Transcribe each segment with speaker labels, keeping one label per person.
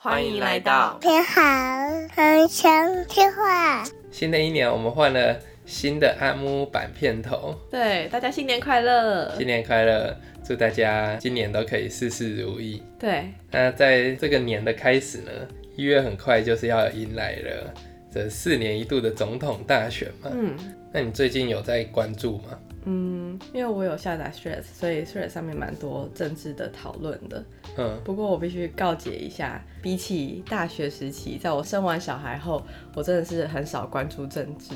Speaker 1: 歡迎來到天好，歡迎收
Speaker 2: 聽《話》。新的一年，我們換了新的按摩板片頭。對，
Speaker 1: 大家新年快樂，新
Speaker 2: 年快樂，祝大家今年都可以事事如意。
Speaker 1: 對，
Speaker 2: 那在這個年的開始呢，一月很快就是要迎來了這四年一度的總統大選嘛。嗯，那你最近有在關注嗎？嗯。
Speaker 1: 因為我有下載 Threads，所以 Threads 上面蠻多政治的討論的。嗯，不過我必須告誡一下，比起大學時期，在我生完小孩後，我真的是很少關注政治。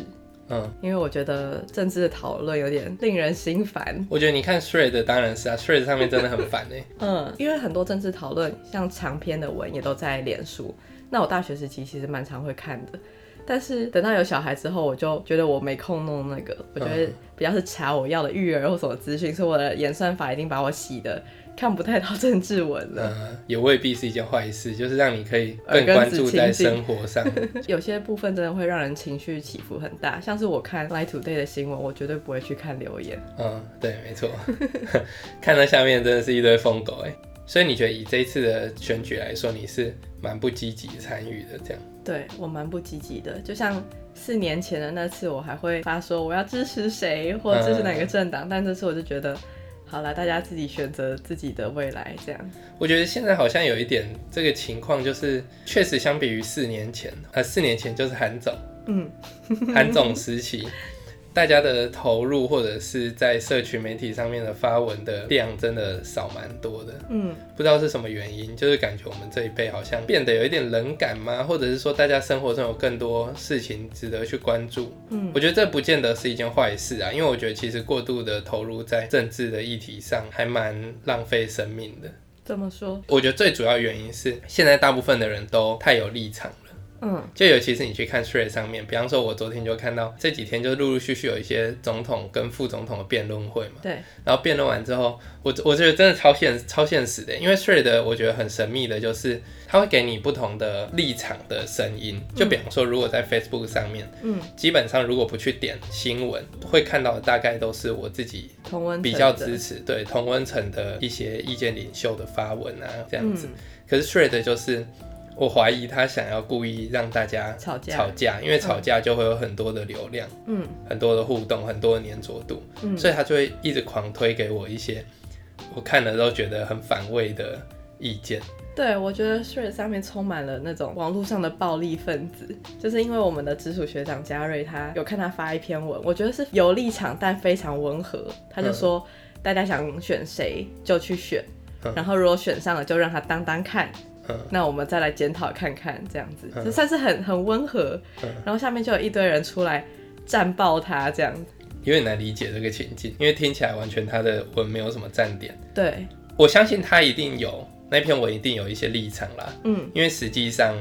Speaker 1: 嗯，因為我覺得政治的討論有點令人心煩。
Speaker 2: 我覺得你看 Threads 當然是啊，Threads 上面真的很煩呢？嗯，
Speaker 1: 因為很多政治討論，像長篇的文也都在臉書。那我大學時期其實蠻常會看的，但是等到有小孩之後，我就覺得我沒空弄那個，我覺得、嗯。要是查我要的育兒或什麼資訊，是我的演算法已經把我洗的看不太到政治文了。
Speaker 2: 也、嗯、未必是一件壞事，就是讓你可以更關注在生活上。
Speaker 1: 有些部分真的會讓人情緒起伏很大，像是我看《Light Today》的新聞，我絕對不會去看留言。嗯，對，
Speaker 2: 沒錯。 看到下面真的是一堆瘋狗哎，所以你覺得以這一次的選舉來說，你是蠻不積極參與的這樣？
Speaker 1: 對我蠻不積極的，就像四年前的那次，我還會發說我要支持誰或支持哪個政黨，嗯，但這次我就覺得，好了，大家自己選擇自己的未來這樣。
Speaker 2: 我覺得現在好像有一點這個情況，就是確實相比於四年前，呃，四年前就是韓總，
Speaker 1: 嗯，韓 總
Speaker 2: 時期。大家的投入或者是在社群媒體上面的發文的量真的少蠻多的，嗯，不知道是什麼原因，就是感覺我們這一輩好像變得有一點冷感嗎？或者是說大家生活中有更多事情值得去關注。嗯，我覺得這不見得是一件壞事啊，因為我覺得其實過度的投入在政治的議題上還蠻浪費生命的。
Speaker 1: 怎麼說？
Speaker 2: 我覺得最主要原因是現在大部分的人都太有立場。嗯，就尤其是你去看 Threads 上面，比方說我昨天就看到這幾天就陸陸續續有一些總統跟副總統的辯論會嘛。對。然後辯論完之後，我我覺得真的超現超現實的，因為 Threads 我覺得很神秘的，就是它會給你不同的立場的聲音。就比方說，如果在 Facebook 上面，嗯，基本上如果不去點新聞，嗯、會看到的大概都是我自己比較支持同對同溫層的一些意見領袖的發文啊這樣子。嗯、可是 Threads 就是。我懷疑他想要故意讓大家吵架，吵架，因為吵架就會有很多的流量，嗯，很多的互動，很多的粘着度，嗯，所以他就會一直狂推給我一些，我看了都覺得很反胃的意見。
Speaker 1: 對，我覺得 Threads 上面充滿了那種網絡上的暴力分子，就是因為我們的直屬學長嘉瑞，他有看他發一篇文，我覺得是有立場但非常溫和，他就說大家想選誰就去選，嗯，然後如果選上了就讓他當當看。嗯、那我們再來檢討看看，這樣子、嗯、就算是很很溫和、
Speaker 2: 嗯。
Speaker 1: 然後下面就有一堆人出來戰爆他這樣
Speaker 2: 子。有點難理解這個情境，因為聽起來完全他的文沒有什麼站點。對，我相信他一定有、嗯、那篇文一定有一些立場啦。嗯，因為實際上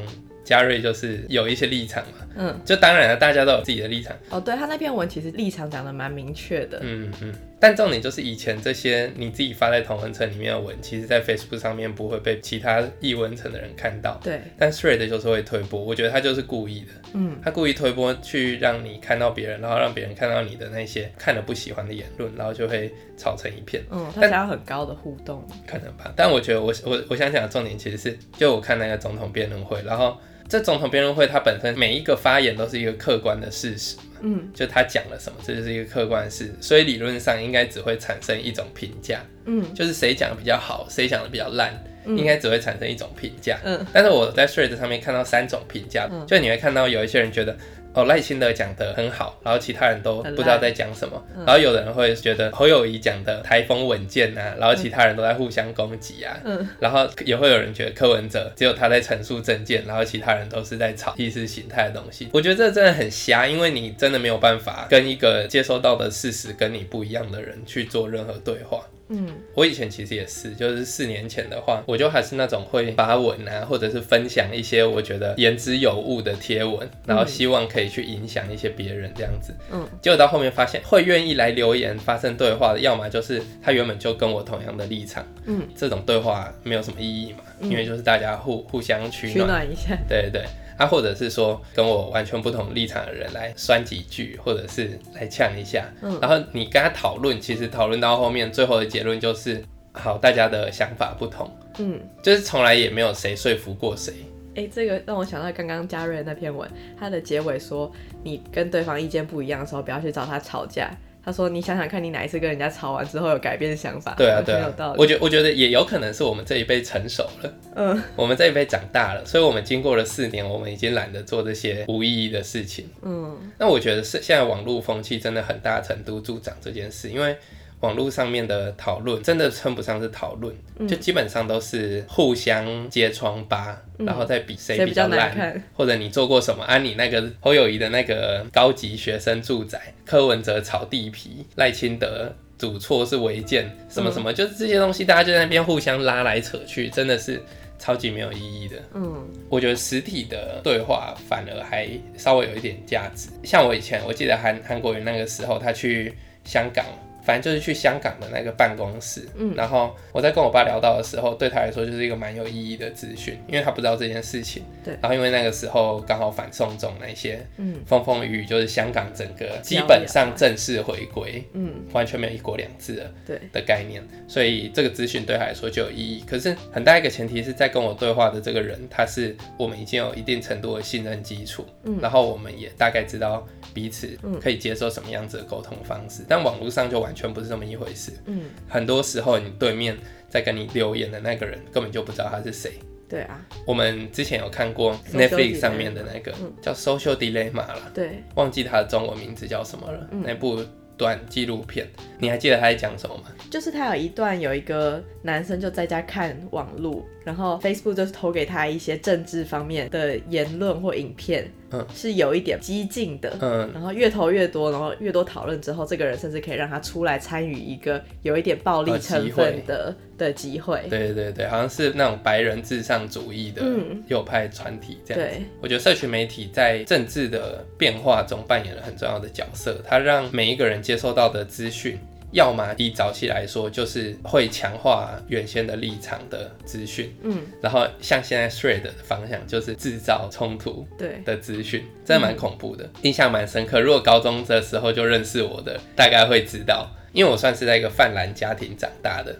Speaker 2: 嘉瑞就是有一些立場嘛。嗯，就當然了，大家都有自己的立場。
Speaker 1: 哦，對，他那篇文其實立場講得蠻明確的。
Speaker 2: 嗯嗯。但重點就是，以前這些你自己發在同溫層裡面的文，其實在 Facebook 上面不會被其他異溫層的人看到。對。但 Thread 就是會推播，我覺得他就是故意的。嗯。他故意推播去讓你看到別人，然後讓別人看到你的那些看了不喜歡的言論，然後就會吵成一片。嗯。但
Speaker 1: 有很高的互動。可
Speaker 2: 能吧。但我覺得我我我想講的重點其實是，就我看那個總統辯論會，然後這總統辯論會他本身每一個發言都是一個客觀的事實。嗯，就他講了什麼，這就是一個客觀事，所以理論上應該只會產生一種評價，嗯，就是誰講的比較好，誰講的比較爛，嗯，應該只會產生一種評價，嗯，但是我在 Threads 上面看到三種評價，嗯，就你會看到有一些人覺得。哦，賴清德講得很好，然後其他人都不知道在講什麼、嗯，然後有人會覺得侯友宜講的台風穩健吶、啊，然後其他人都在互相攻擊啊、嗯，然後也會有人覺得柯文哲只有他在陳述政見，然後其他人都是在炒意識形態的東西，我覺得這真的很瞎，因為你真的沒有辦法跟一個接收到的事實跟你不一樣的人去做任何對話，嗯。我以前其實也是，就是四年前的話，我就還是那種會發文啊，或者是分享一些我覺得言之有物的貼文，然後希望可以去影響一些別人這樣子。嗯，結果到後面發現，會願意來留言發生對話的，要麼就是他原本就跟我同樣的立場。嗯，這種對話沒有什麼意義嘛，嗯，因為就是大家互互相取暖，取暖一下。對對。他、啊、或者是說跟我完全不同立場的人來酸幾句，或者是來嗆一下，嗯，然後你跟他討論，其實討論到後面，最後的結論就是，好，大家的想法不同，嗯，就是從來也沒有誰說服過誰。
Speaker 1: 哎、欸，這個讓我想到剛剛嘉瑞的那篇文，他的結尾說，你跟對方意見不一樣的時候，不要去找他吵架。他說：“你想想看，你哪一次跟人家吵完之後有改變的想法？”對啊，對，有道理。我覺
Speaker 2: 我覺得也有可能是我們這一輩成熟
Speaker 1: 了，
Speaker 2: 嗯，我們這一輩長大了，所以我們經過了四年，我們已經懶得做這些無意義的事情。嗯，那我覺得是現在網絡風氣真的很大程度助長這件事，因為，網絡上面的討論真的稱不上是討論，嗯，就基本上都是互相揭瘡疤，然後再比誰比較爛，或者你做過什麼？安、啊，你那個侯友宜的那個高級學生住宅，柯文哲炒地皮，賴清德祖厝是違建，什麼什麼，嗯，就是這些東西，大家就在那邊互相拉來扯去，真的是超級沒有意義的。嗯，我覺得實體的對話反而還稍微有一點價值。像我以前，我記得韓韓國瑜那個時候他去香港。反正就是去香港的那個辦公室，嗯，然後我在跟我爸聊到的時候，對他來說就是一個蠻有意義的資訊，因為他不知道這件事情，對，然後因為那個時候剛好反送中那些、嗯、風風雨雨，就是香港整個基本上正式回歸，瞧瞧啊、嗯，完全沒有一國兩制了對的概念，所以這個資訊對他來說就有意義。可是很大一個前提是在跟我對話的這個人，他是我們已經有一定程度的信任基礎，嗯，然後我們也大概知道彼此可以接受什麼樣子的溝通方式，嗯、但網絡上就完。完全不是這麼一回事。
Speaker 3: 嗯，
Speaker 2: 很多時候你對面在跟你留言的那個人根本就不知道他是誰。
Speaker 3: 對
Speaker 2: 啊，我們之前有看過 Netflix 上面的那個叫《Social,、嗯、叫 Social Dilemma》啦，對，忘記他的中文名字叫什麼了。嗯、那部短紀錄片，你還記得他在講什麼嗎？
Speaker 1: 就是他有一段有一個男生就在家看網路，然後 Facebook 就是投給他一些政治方面的言論或影片。嗯、是有一點激進的，嗯，然後越投越多，然後越多討論之後，這個人甚至可以讓他出來參與一個有一點暴力成分的的機、呃、會。對、機會對
Speaker 2: 對對，好像是那種白人至上主義的右派團體這樣、嗯。對，我覺得社群媒體在政治的變化中扮演了很重要的角色，它讓每一個人接受到的資訊。要麼以早期來說，就是會強化原先的立場的資訊，嗯，然後像現在 spread 的方向，就是製造衝突的資訊對的資訊，真的蠻恐怖的，嗯、印象蠻深刻。如果高中的時候就認識我的，大概會知道，因為我算是在一個泛藍家庭長大的，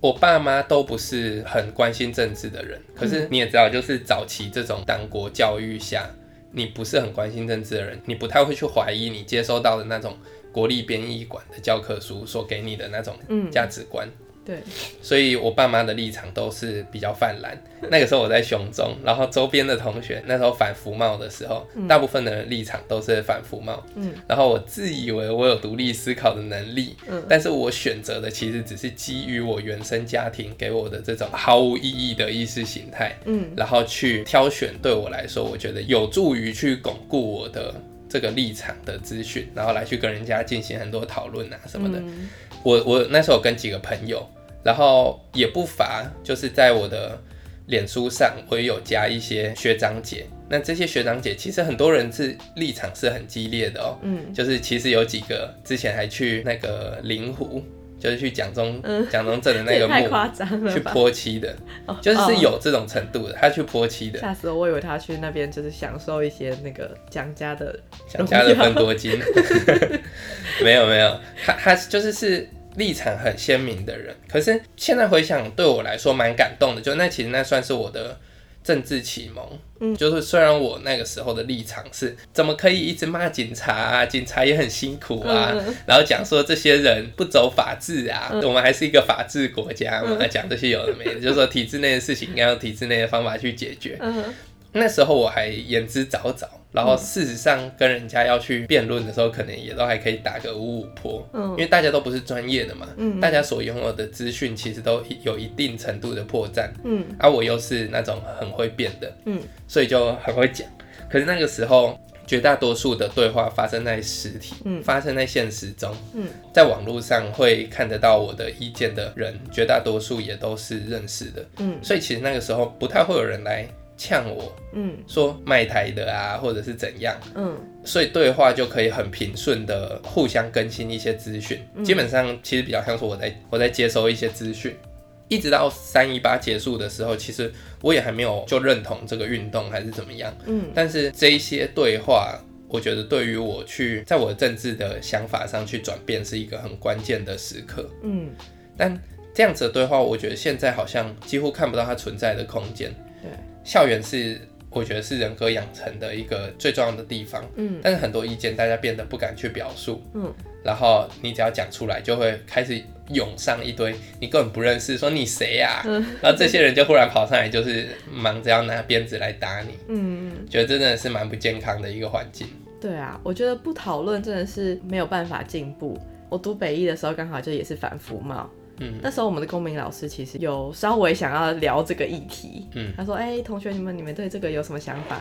Speaker 2: 我爸媽都不是很關心政治的人。可是你也知道，就是早期這種黨國教育下，你不是很關心政治的人，你不太會去懷疑你接受到的那種。國立編譯館的教科書所給你的那種價值觀、嗯，對，所以我爸媽的立場都是比較泛藍。那個時候我在雄中，然後周邊的同學那時候反服貿的時候、嗯，大部分的人立場都是反服貿。嗯，然後我自以為我有獨立思考的能力，嗯，但是我選擇的其實只是基於我原生家庭給我的這種毫無意義的意識形態，嗯，然後去挑選對我來說，我覺得有助於去鞏固我的。這個立場的資訊，然後來去跟人家進行很多討論啊什麼的。
Speaker 3: 嗯、
Speaker 2: 我我那時候跟幾個朋友，然後也不乏就是在我的臉書上，我也有加一些學長姐。那這些學長姐其實很多人是立場是很激烈的哦。嗯，就是其實有幾個之前還去那個靈湖。就是去蔣中，蔣、嗯、中正的那個墓，去潑漆的、哦，就是是有這種程度的，哦、他去潑漆的。嚇
Speaker 1: 死我，我以為他去那邊就是享受一些那個蔣家的，蔣家的更多金。
Speaker 2: 沒有沒有，他他就是是立場很鮮明的人。可是現在回想，對我來說蠻感動的，就那其實那算是我的。政治啟蒙，嗯，就是雖然我那個時候的立場是，怎麼可以一直罵警察啊？警察也很辛苦啊。然後講說這些人不走法治啊，嗯，我們還是一個法治國家，我們來講這些有的沒的，就說體制內的事情應該用體制內的方法去解決，嗯。那時候我還言之鑿鑿。然後事實上，跟人家要去辯論的時候，可能也都還可以打個五五波，因為大家都不是專業的嘛，大家所擁有的資訊其實都有一定程度的破綻，嗯，而我又是那種很會辯的，嗯，所以就很會講。可是那個時候，絕大多數的對話發生在實體，發生在現實中，嗯，在網絡上會看得到我的意見的人，絕大多數也都是認識的，嗯，所以其實那個時候不太會有人來。嗆我，嗯，說賣台的啊，或者是怎樣，嗯，所以對話就可以很平順的互相更新一些資訊，嗯。基本上其實比較像說我在我在接收一些資訊，一直到三一八結束的時候，其實我也還沒有就認同這個運動還是怎麼樣，嗯。但是這一些對話，我覺得對於我去在我的政治的想法上去轉變是一個很關鍵的時刻，嗯。但這樣子的對話，我覺得現在好像幾乎看不到它存在的空間，對。校園是我覺得是人格養成的一個最重要的地方，嗯，但是很多意見大家變得不敢去表述，嗯，然後你只要講出來，就會開始湧上一堆你根本不認識，說你誰呀，啊，嗯，然後這些人就忽然跑上來，就是忙着要拿鞭子來打你，嗯，覺得真的是蠻不健康的一個環境。
Speaker 1: 對啊，我覺得不討論真的是沒有辦法進步。我讀北藝的時候剛好就也是反服貿。那時候我們的公民老師其實有稍微想要聊這個議題，嗯、他說：“哎、欸，同學你們你們對這個有什麼想法？”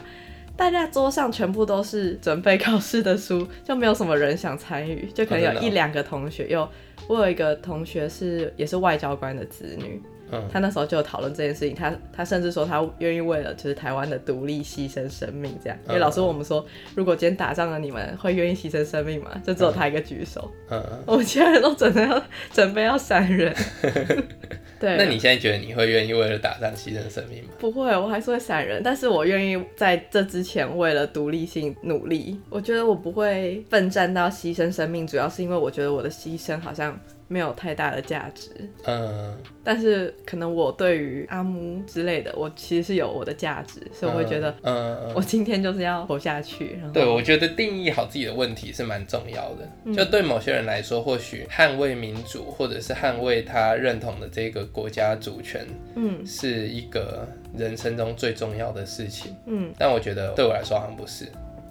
Speaker 1: 大家桌上全部都是準備考試的書，就沒有什麼人想參與，就可能有一兩個同學。哦、又，我有一個同學是也是外交官的子女。嗯、他那時候就有討論這件事情，他他甚至說他願意為了就是台灣的獨立犧牲生命，這樣、嗯。因為老師問我們說、嗯，如果今天打仗了，你們會願意犧牲生命嗎？就只有他一個舉手，嗯嗯、我們其他人都準備要準備要閃人。 對。那你現
Speaker 2: 在覺得你會願意為了打仗犧牲生命嗎？
Speaker 1: 不會，我還是會閃人，但是我願意在這之前為了獨立性努力。我覺得我不會奮戰到犧牲生命，主要是因為我覺得我的犧牲好像。沒有太大的價值，
Speaker 2: 嗯，
Speaker 1: 但是可能我對於阿姆之類的，我其實是有我的價值，嗯、所以我會覺得，嗯，我今天就是要活下去、嗯。對，我覺
Speaker 2: 得定義好自己的問題是蠻重要的、嗯。就對某些人來說，或許捍衛民主或者是捍衛他認同的這個國家主權，嗯，是一個人生中最重要的事情，嗯，但我覺得對我來說，好像不是。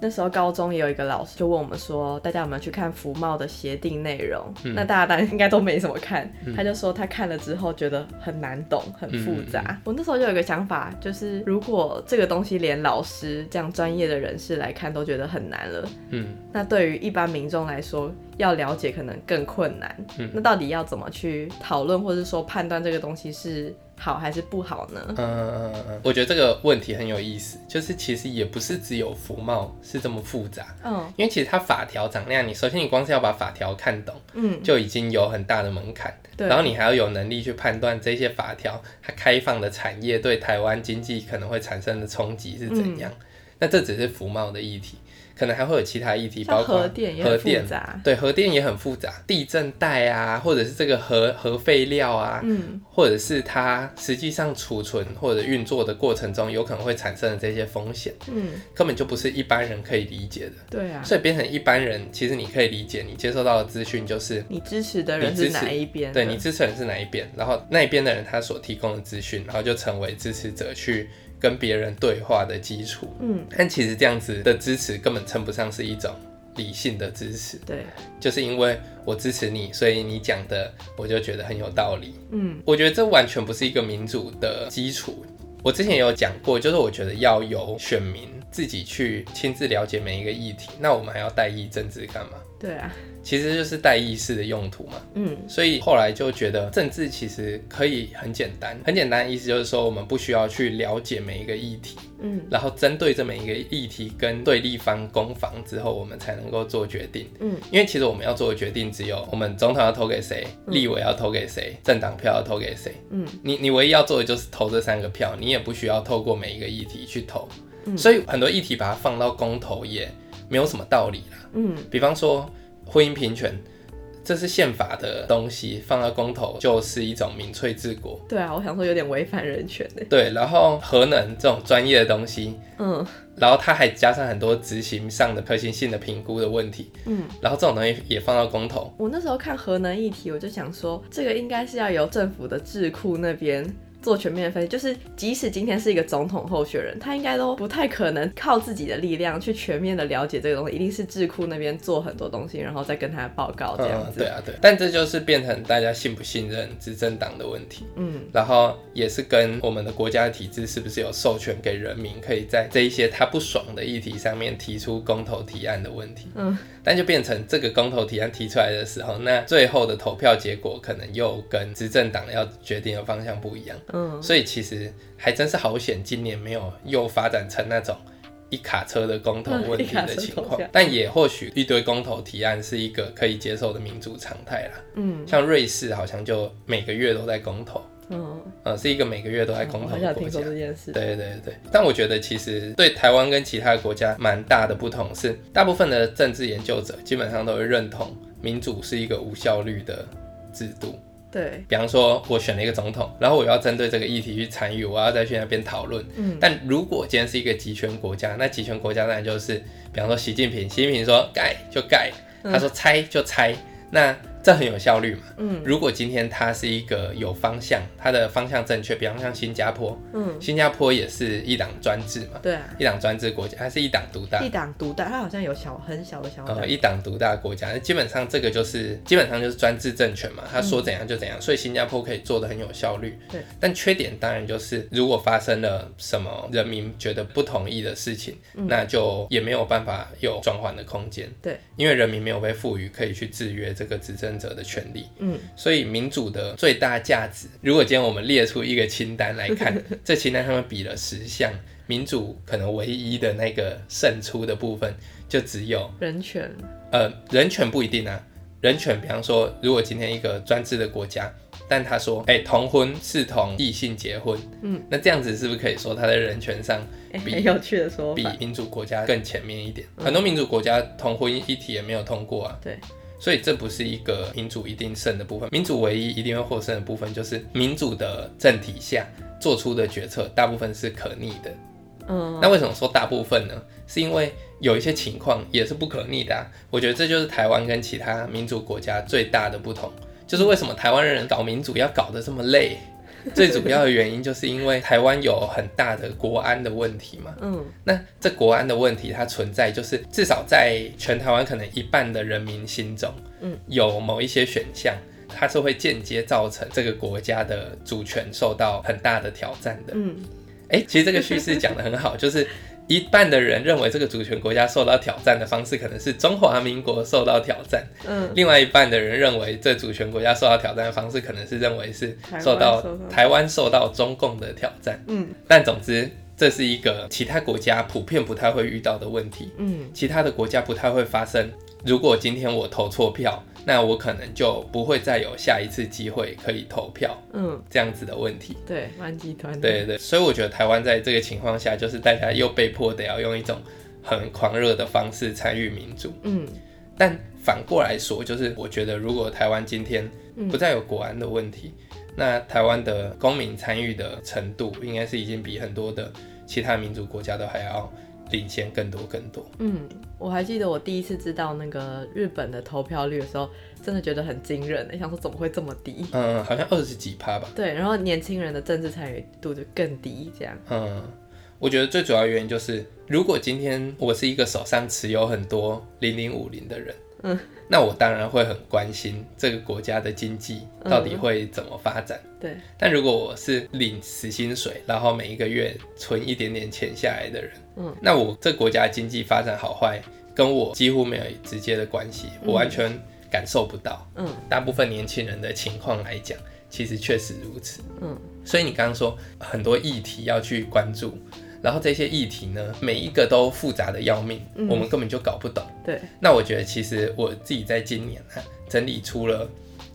Speaker 1: 那時候高中也有一個老師就問我們說，大家有沒有去看服貿的協定內容？嗯。那大家當然應該都沒怎麼看、嗯。他就說他看了之後覺得很難懂，很複雜、嗯嗯嗯。我那時候就有一個想法，就是如果這個東西連老師這樣專業的人士來看都覺得很難了，嗯，那對於一般民眾來說，要了解可能更困難，嗯，那到底要怎麼去討論或者說判斷這個東西是好還是不好呢？嗯，
Speaker 2: 我覺得這個問題很有意思，就是其實也不是只有服貿是這麼複雜，嗯、哦，因為其實它法條長那樣，你首先你光是要把法條看懂，嗯，就已經有很大的門檻，對，然後你還要有能力去判斷這些法條它開放的產業對台灣經濟可能會產生的衝擊是怎樣、嗯，那這只是服貿的議題。可能還會有其他議題，包括核電，核電也很複雜，核電，對，核電也很複雜。地震帶啊，或者是這個核核廢料啊，嗯，或者是它實際上儲存或者運作的過程中，有可能會產生的這些風險。嗯，根本就不是一般人可以理解的。對啊，所以變成一般人，其實你可以理解，你接受到的資訊就是你支，你支持的人是哪一邊？對，你支持的人是哪一邊？然後那一邊的人他所提供的資訊，然後就成為支持者去。跟別人對話的基礎，嗯，但其實這樣子的支持根本稱不上是一種理性的支持，對，就是因為我支持你，所以你講的我就覺得很有道理，嗯，我覺得這完全不是一個民主的基礎。我之前也有講過，就是我覺得要由選民自己去親自了解每一個議題，那我們還要代議政治幹嘛？對啊。其實就是代議士的用途嘛。嗯，所以後來就覺得政治其實可以很簡單，很簡單的意思就是說，我們不需要去了解每一個議題。嗯，然後針對這每一個議題跟對立方攻防之後，我們才能夠做決定。嗯，因為其實我們要做的決定只有我們總統要投給誰，嗯，立委要投給誰，政黨票要投給誰。嗯，你你唯一要做的就是投這三個票，你也不需要透過每一個議題去投。嗯，所以很多議題把它放到公投也沒有什麼道理啦。嗯，比方說。婚姻平權，這是憲法的東西，放到公投就是一種民粹治國。
Speaker 1: 對啊，我想說有點違反人權嘞、欸。對，
Speaker 2: 然後核能這種專業的東西，嗯，然後它還加上很多執行上的可行性的評估的問題，嗯，然後這種東西也放到公投。
Speaker 1: 我那時候看核能議題，我就想說，這個應該是要由政府的智庫那邊，做全面的分析，就是即使今天是一個總統候選人，他應該都不太可能靠自己的力量去全面的了解這個東西，一定是智庫那邊做很多東西，然後再跟他報告這樣子。嗯，對啊，
Speaker 2: 對。但這就是變成大家信不信任執政黨的問題，嗯。然後也是跟我們的國家的體制是不是有授權給人民可以在這一些他不爽的議題上面提出公投提案的問題，嗯。但就變成這個公投提案提出來的時候，那最後的投票結果可能又跟執政黨要決定的方向不一樣。嗯、所以其實還真是好險，今年沒有又發展成那種一卡車的公投問題的情況，嗯。但也或許一堆公投提案是一個可以接受的民主常態啦。嗯，像瑞士好像就每個月都在公投。嗯，嗯，是一個每個月都在公投的國家。
Speaker 1: 嗯、很想聽說這
Speaker 2: 件事。對對對。但我覺得其實對台灣跟其他國家蠻大的不同是，大部分的政治研究者基本上都會認同民主是一個無效率的制度。對，比方說我選了一個總統，然後我要針對這個議題去參與，我要再去那邊討論。嗯，但如果今天是一個極權國家，那極權國家當然就是，比方說習近平，習近平說蓋就蓋，嗯，他說拆就拆，那。這很有效率嘛。嗯，如果今天它是一個有方向，它的方向正確，比方像新加坡，嗯，新加坡也是一黨專制嘛，對啊，一黨專制國家，它是一黨獨大，一黨
Speaker 1: 獨大，它好像有小很小的小，呃，
Speaker 2: 一黨獨大的國家，那基本上這個就是基本上就是專制政權嘛，他說怎樣就怎樣，嗯，所以新加坡可以做得很有效率，對，但缺點當然就是如果發生了什麼人民覺得不同意的事情，嗯，那就也沒有辦法有轉換的空間，對，因為人民沒有被賦予可以去制約這個執政者的權利，嗯，所以民主的最大價值，如果今天我們列出一個清單來看，這清單他們比了十項，民主可能唯一的那個勝出的部分，就只有人權。呃，人權不一定啊，人權，比方說，如果今天一個專制的國家，但他說，誒、欸，同婚是同異性結婚，嗯，那這樣子是不是可以說，他在人權上比、欸，很有趣的說法比民主國家更前面一點。嗯、很多民主國家同婚議題也沒有通過啊，對。所以這不是一個民主一定勝的部分，民主唯一一定會獲勝的部分，就是民主的政體下做出的決策，大部分是可逆的。嗯，
Speaker 3: 那為什
Speaker 2: 麼說大部分呢？是因為有一些情況也是不可逆的啊。我覺得這就是台灣跟其他民主國家最大的不同，就是為什麼台灣人搞民主要搞得這麼累。 最主要的原因就是因為台灣有很大的國安的問題嘛。嗯，那這國安的問題它存在，就是至少在全台灣可能一半的人民心中，嗯，有某一些選項，它是會間接造成這個國家的主權受到很大的挑戰
Speaker 3: 的。嗯，
Speaker 2: 誒、欸，其實這個敘事講得很好， 就是。一半的人認為這個主權國家受到挑戰的方式可能是中華民國受到挑戰，嗯，另外一半的人認為這主權國家受到挑戰的方式可能是認為是受到台灣受，受到中共的挑戰，嗯，但總之這是一個其他國家普遍不太會遇到的問題，嗯，其他的國家不太會發生。如果今天我投錯票，那我可能就不會再有下一次機會可以投票。嗯，這樣子的問題。
Speaker 1: 對，蠻極端的。對，對
Speaker 2: 對，所以我覺得台灣在這個情況下，就是大家又被迫的要用一種很狂熱的方式參與民主。嗯，但反過來說，就是我覺得如果台灣今天不再有國安的問題，嗯，那台灣的公民參與的程度，應該是已經比很多的其他民主國家都還要。領先更多更多。
Speaker 1: 嗯，我還記得我第一次知道那個日本的投票率的時候，真的覺得很驚人，想說怎麼會這麼低？嗯，好像二十
Speaker 2: 幾趴吧。對，
Speaker 1: 然後年輕人的政治參與度就更低，這樣。嗯，
Speaker 2: 我覺得最主要原因就是，如果今天我是一個手上持有很多零零五零的人。嗯，那我當然會很關心這個國家的經濟到底會怎麼發展，嗯。對，但如果我是領死薪水，然後每一個月存一點點錢下來的人，嗯，那我這個國家的經濟發展好壞跟我幾乎沒有直接的關係，我完全感受不到。嗯，大部分年輕人的情況來講，其實確實如此。嗯，所以你剛剛說很多議題要去關注。然後這些議題呢，每一個都複雜的要命，嗯，我們根本就搞不懂。對，那我覺得其實我自己在今年哈、啊、整理出了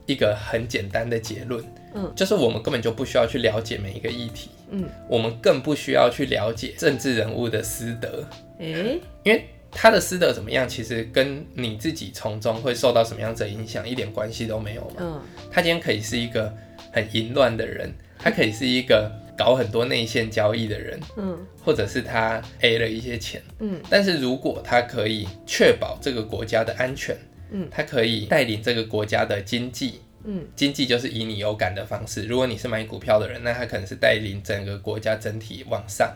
Speaker 2: 一個很簡單的結論，嗯，就是我們根本就不需要去了解每一個議題，嗯，我們更不需要去了解政治人物的私德，嗯、
Speaker 3: 欸，
Speaker 2: 因為他的私德怎麼樣，其實跟你自己從中會受到什麼樣的影響，一點關係都沒有嘛。嗯，他今天可以是一個很淫亂的人，他可以是一個。搞很多內線交易的人，嗯，或者是他 A 了一些錢，嗯，但是如果他可以確保這個國家的安全，嗯，他可以帶領這個國家的經濟，嗯，經濟就是以你有感的方式。如果你是買股票的人，那他可能是帶領整個國家整體往上；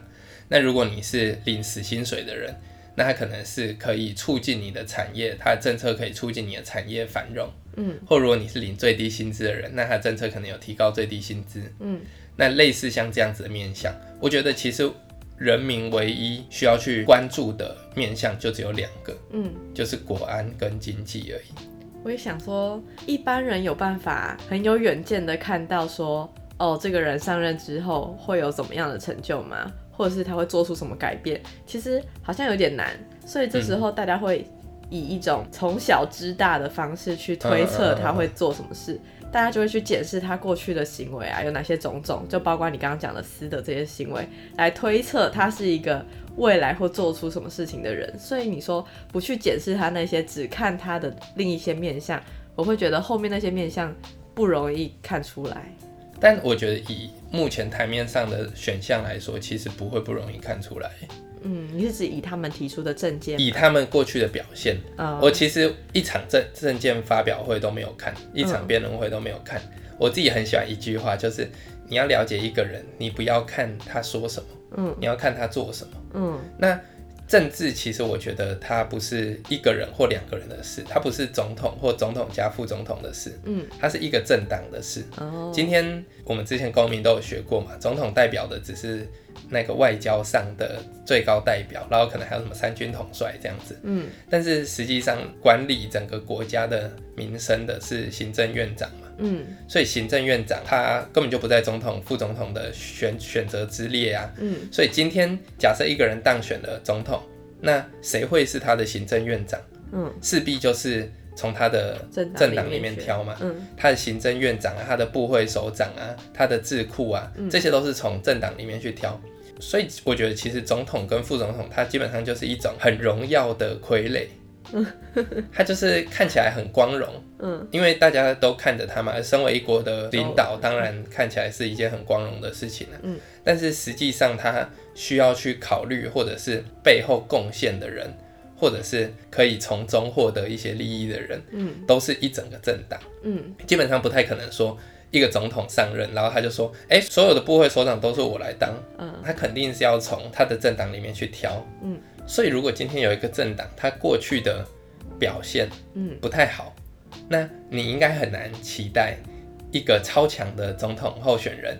Speaker 2: 那如果你是領死薪水的人，那他可能是可以促進你的產業，他的政策可以促進你的產業繁榮。嗯，或如果你是領最低薪資的人，那他政策可能有提高最低薪資。嗯，那類似像這樣子的面向，我覺得其實人民唯一需要去關注的面向就只有兩個，嗯，就是國安跟經濟而已。
Speaker 1: 我也想說，一般人有辦法很有遠見的看到說，哦，這個人上任之後會有怎麼樣的成就嗎？或者是他會做出什麼改變？其實好像有點難，所以這時候大家會、嗯。以一種從小知大的方式去推測他會做什麼事，大、嗯、家、嗯嗯、就會去檢視他過去的行為啊，有哪些種種，就包括你剛剛講的私德這些行為，來推測他是一個未來會做出什麼事情的人。所以你說不去檢視他那些，只看他的另一些面向，我會覺得後面那些面向不容易看出來。
Speaker 2: 但我覺得以目前台面上的選項來說，其實不會不容易看出來。
Speaker 1: 嗯，你是指以他們提出的政見、以他
Speaker 2: 們過去的表現，oh. 我其實一場政政見發表會都沒有看，一場辯論會都沒有看，嗯。我自己很喜歡一句話，就是你要了解一個人，你不要看他說什麼，
Speaker 3: 嗯，你要
Speaker 2: 看他做什麼，
Speaker 3: 嗯。
Speaker 2: 那政治其實我覺得它不是一個人或兩個人的事，它不是總統或總統加副總統的事，嗯，它是一個政黨的事。哦，嗯，今天我們之前公民都有學過嘛，總統代表的只是。那個外交上的最高代表，然後可能還有什麼三軍統帥這樣子，嗯，但是實際上管理整個國家的民生的是行政院長嘛，
Speaker 3: 嗯，
Speaker 2: 所以行政院長他根本就不在總統、副總統的選選擇之列啊，嗯，所以今天假設一個人當選了總統，那誰會是他的行政院長？嗯，勢必就是從他的政黨裡面挑嘛，嗯，他的行政院長啊，他的部會首長啊，他的智庫啊，嗯，這些都是從政黨裡面去挑。所以我覺得，其實總統跟副總統，他基本上就是一種很榮耀的傀儡，他就是看起來很光榮，因為大家都看着他嘛。身為一國的領導，當然看起來是一件很光榮的事情了，啊，但是實際上，他需要去考慮，或者是背後貢獻的人，或者是可以從中獲得一些利益的人，都是一整個政黨，基本上不太可能說。一個總統上任，然後他就說：“哎，所有的部會首長都是我來當。嗯，他肯定是要從他的政黨裡面去挑。”嗯，所以如果今天有一個政黨，他過去的表現，不太好，嗯，那你應該很難期待一個超強的總統候選人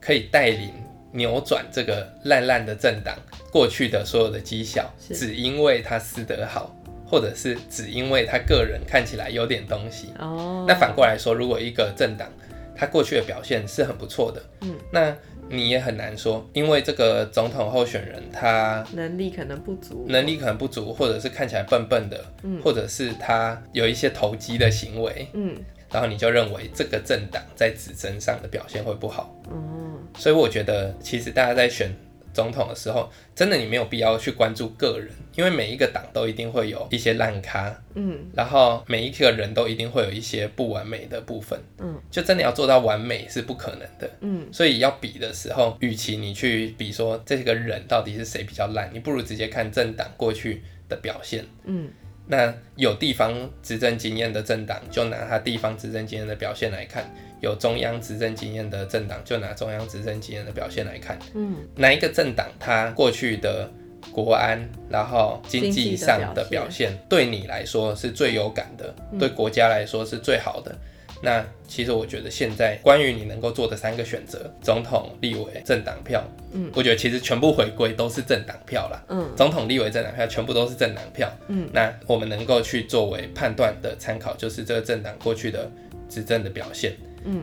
Speaker 2: 可以帶領扭轉這個爛爛的政黨過去的所有的績效，只因為他私德好，或者是只因為他個人看起來有點東西。哦，那反過來說，如果一個政黨，他過去的表現是很不錯的，嗯，那你也很難說，因為這個總統候選人他能
Speaker 1: 力可能不足，能力
Speaker 2: 可能不足，或者是看起來笨笨的，嗯，或者是他有一些投機的行為，嗯，然後你就認為這個政黨在指針上的表現會不好，
Speaker 3: 嗯，
Speaker 2: 所以我覺得其實大家在選總統的時候，真的你沒有必要去關注個人，因為每一個黨都一定會有一些爛咖，嗯，然後每一個人都一定會有一些不完美的部分，嗯，就真的要做到完美是不可能的，嗯，所以要比的時候，與其你去比說這個人到底是誰比較爛，你不如直接看政黨過去的表現，嗯，那有地方執政經驗的政黨，就拿他地方執政經驗的表現來看。有中央執政經驗的政黨，就拿中央執政經驗的表現來看。嗯，哪一個政黨它過去的國安，然後經濟上的表現，經濟的表現，對你來說是最有感的，嗯，對國家來說是最好的？那其實我覺得現在關於你能夠做的三個選擇：總統、立委、政黨票，嗯。我覺得其實全部回歸都是政黨票啦。嗯，總統、立委、政黨票全部都是政黨票。嗯，那我們能夠去作為判斷的參考，就是這個政黨過去的執政的表現。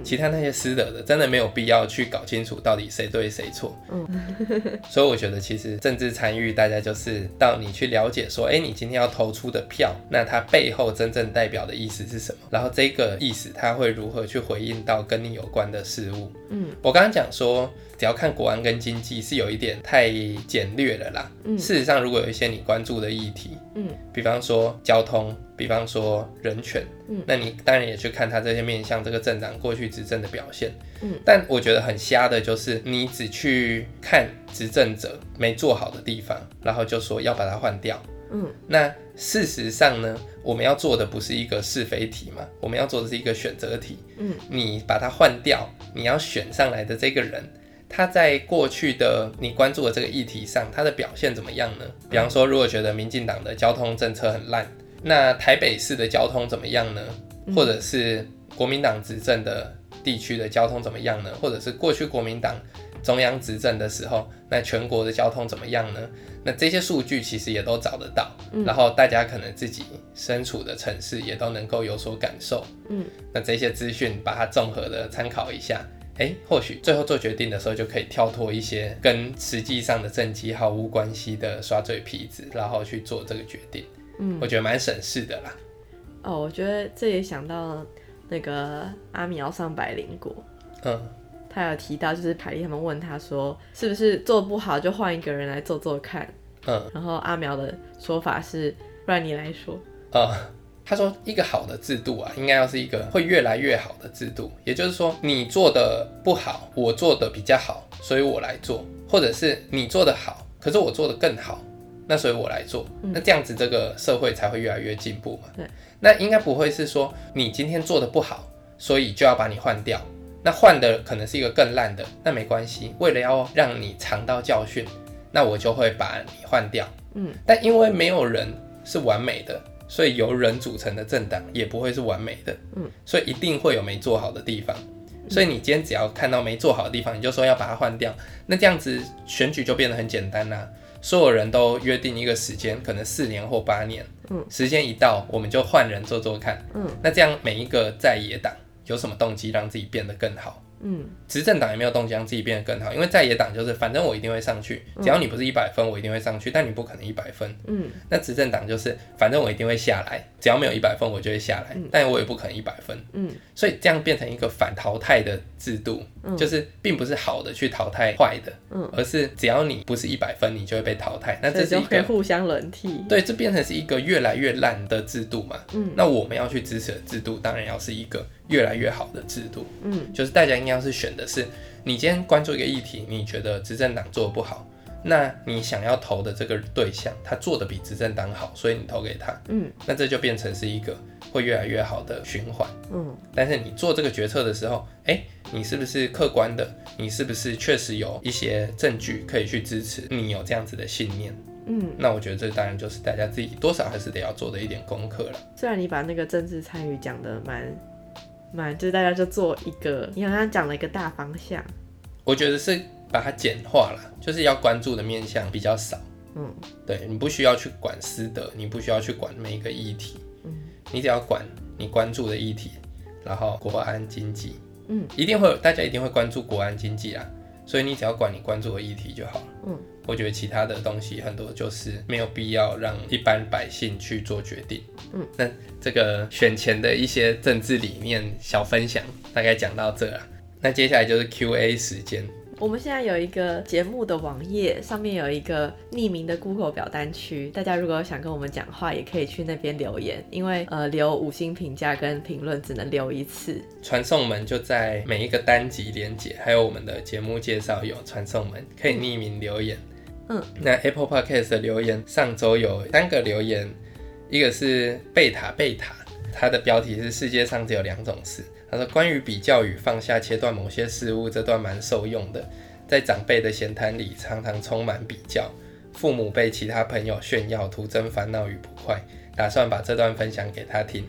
Speaker 2: 其他那些私德的，真的沒有必要去搞清楚到底誰對誰錯。嗯， 所以我覺得其實政治參與，大家就是到你去了解說，哎、欸，你今天要投出的票，那它背後真正代表的意思是什麼？然後這個意思它會如何去回應到跟你有關的事物？嗯，我剛剛講說，只要看國安跟經濟是有一點太簡略了啦，嗯。事實上如果有一些你關注的議題，嗯，比方說交通。比方說人權，嗯，那你當然也去看他這些面向這個政黨過去執政的表現，嗯，但我覺得很瞎的就是你只去看執政者沒做好的地方，然後就說要把他換掉，嗯，那事實上呢，我們要做的不是一個是非題嘛，我們要做的是一個選擇題，嗯，你把他換掉，你要選上來的這個人，他在過去的你關注的這個議題上，他的表現怎麼樣呢？比方說，如果覺得民進黨的交通政策很爛。那台北市的交通怎麼樣呢？或者是國民黨執政的地區的交通怎麼樣呢？或者是過去國民黨中央執政的時候，那全國的交通怎麼樣呢？那這些數據其實也都找得到。嗯，然後大家可能自己身處的城市也都能夠有所感受。嗯，那這些資訊把它綜合的參考一下，誒、欸，或許最後做決定的時候就可以跳脫一些跟實際上的政績毫無關係的耍嘴皮子，然後去做這個決定。 我覺得蠻省事的啦。
Speaker 1: 哦，我覺得這也想到那個阿苗上百靈果。嗯，他有提到就是凱莉他們問他說是不是做不好就換一個人來做做看，嗯，然後阿苗的說法是，不然你來說，嗯，他說一個好的
Speaker 2: 制度啊，應該要是一個會越來越好的制度，也就是說你做的不好，我做的比較好，所以我來做，或者是你做的好，可是我做的更好。那所以我來做，嗯，那這樣子這個社會才會越來越進步嘛。嗯，那應該不會是說你今天做得不好，所以就要把你換掉。那換的可能是一個更爛的，那沒關係。為了要讓你嘗到教訓，那我就會把你換掉。嗯，但因為沒有人是完美的，所以由人組成的政黨也不會是完美的。嗯，所以一定會有沒做好的地方。所以你今天只要看到沒做好的地方，你就說要把它換掉。那這樣子選舉就變得很簡單啦，啊。所有人都約定一個時間，可能四年或八年。嗯，時間一到，我們就換人做做看。嗯，那這樣每一個在野黨有什麼動機讓自己變得更好？嗯，執政黨也沒有動機讓自己變得更好，因為在野黨就是反正我一定會上去，只要你不是一百分，我一定會上去，但你不可能一百分。嗯，那執政黨就是反正我一定會下來。只要沒有一百分，我就會下來。嗯，但我也不可能一百分，嗯，所以這樣變成一個反淘汰的制度，嗯，就是並不是好的去淘汰壞的，嗯，而是只要你不是一百分，你就會被淘汰。嗯，那這是一個就會
Speaker 1: 互相輪替，對，
Speaker 2: 這變成是一個越來越爛的制度嘛，嗯，那我們要去支持的制度，當然要是一個越來越好的制度，嗯，就是大家應該要是選的是，你今天關注一個議題，你覺得執政黨做的不好。那你想要投的這個對象，他做的比執政黨好，所以你投給他。嗯，那這就變成是一個會越來越好的循環。嗯，但是你做這個決策的時候，欸，你是不是客觀的？你是不是確實有一些證據可以去支持你有這樣子的信念？嗯，那我覺得這當然就是大家自己多少還是得要做的一點功課了。
Speaker 1: 雖然你把那個政治參與講得蠻，蠻，就是大家就做一個，你好像講了一個大方向。
Speaker 2: 我覺得是。把它簡化了，就是要關注的面向比較少。嗯，對，你不需要去管私德，你不需要去管每一個議題。
Speaker 3: 嗯，
Speaker 2: 你只要管你關注的議題，然後國安經濟，嗯，一定會大家一定會關注國安經濟啊。所以你只要管你關注的議題就好。嗯，我覺得其他的東西很多就是沒有必要讓一般百姓去做決定。嗯，那這個選前的一些政治理念小分享大概講到這啦。那接下來就是 QA 時間。
Speaker 1: 我們現在有一個節目的網頁，上面有一個匿名的 Google 表單區，大家如果想跟我們講話，也可以去那邊留言。因為呃，留五星評價跟評論只能留一次。
Speaker 2: 傳送門就在每一個單集連接，還有我們的節目介紹有傳送門，可以匿名留言。嗯，那 Apple Podcast 的留言，上周有三個留言，一個是貝塔貝塔，它的標題是世界上只有兩種事。他說：“關於比較與放下，切斷某些事物，這段蠻受用的。在長輩的閒談裡，常常充滿比較。父母被其他朋友炫耀，徒增煩惱與不快。打算把這段分享給他聽，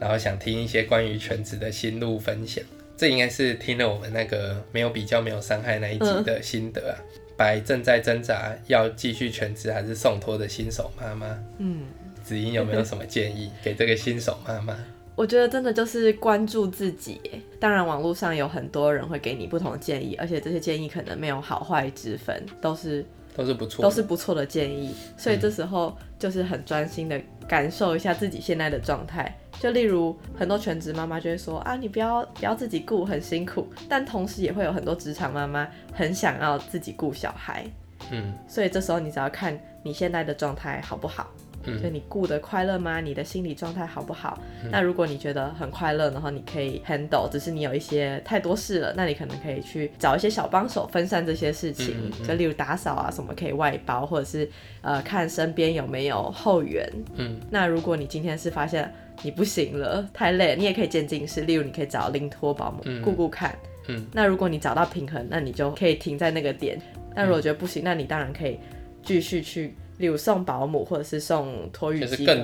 Speaker 2: 然後想聽一些關於全職的心路分享。這應該是聽了我們那個沒有比較、沒有傷害那一集的心得啊。嗯、白正在掙扎，要繼續全職還是送托的新手媽媽。嗯，子英有沒有什麼建議給這個新手媽媽？”
Speaker 1: 我覺得真的就是關注自己，當然網絡上有很多人會給你不同的建議，而且這些建議可能沒有好壞之分，都是都是不錯，都是不錯的，的建議。所以這時候就是很專心地感受一下自己現在的狀態。嗯。就例如很多全職媽媽就會說啊，你不要不要自己顧，很辛苦。但同時也會有很多職場媽媽很想要自己顧小孩，嗯，所以這時候你只要看你現在的狀態好不好。所、嗯、以，你顧得快樂嗎？你的心理狀態好不好、嗯？那如果你覺得很快樂，然後你可以 handle，只是你有一些太多事了，那你可能可以去找一些小幫手分散這些事情，嗯嗯、就例如打掃啊什麼可以外包，或者是呃看身邊有沒有後援。嗯，那如果你今天是發現你不行了，太累，你也可以漸進式，例如你可以找臨托、保姆、嗯、顧顧看。嗯，那如果你找到平衡，那你就可以停在那個點。但如果覺得不行，那你當然可以繼續去。比如送保姆，或者是送托育機構，就是，對，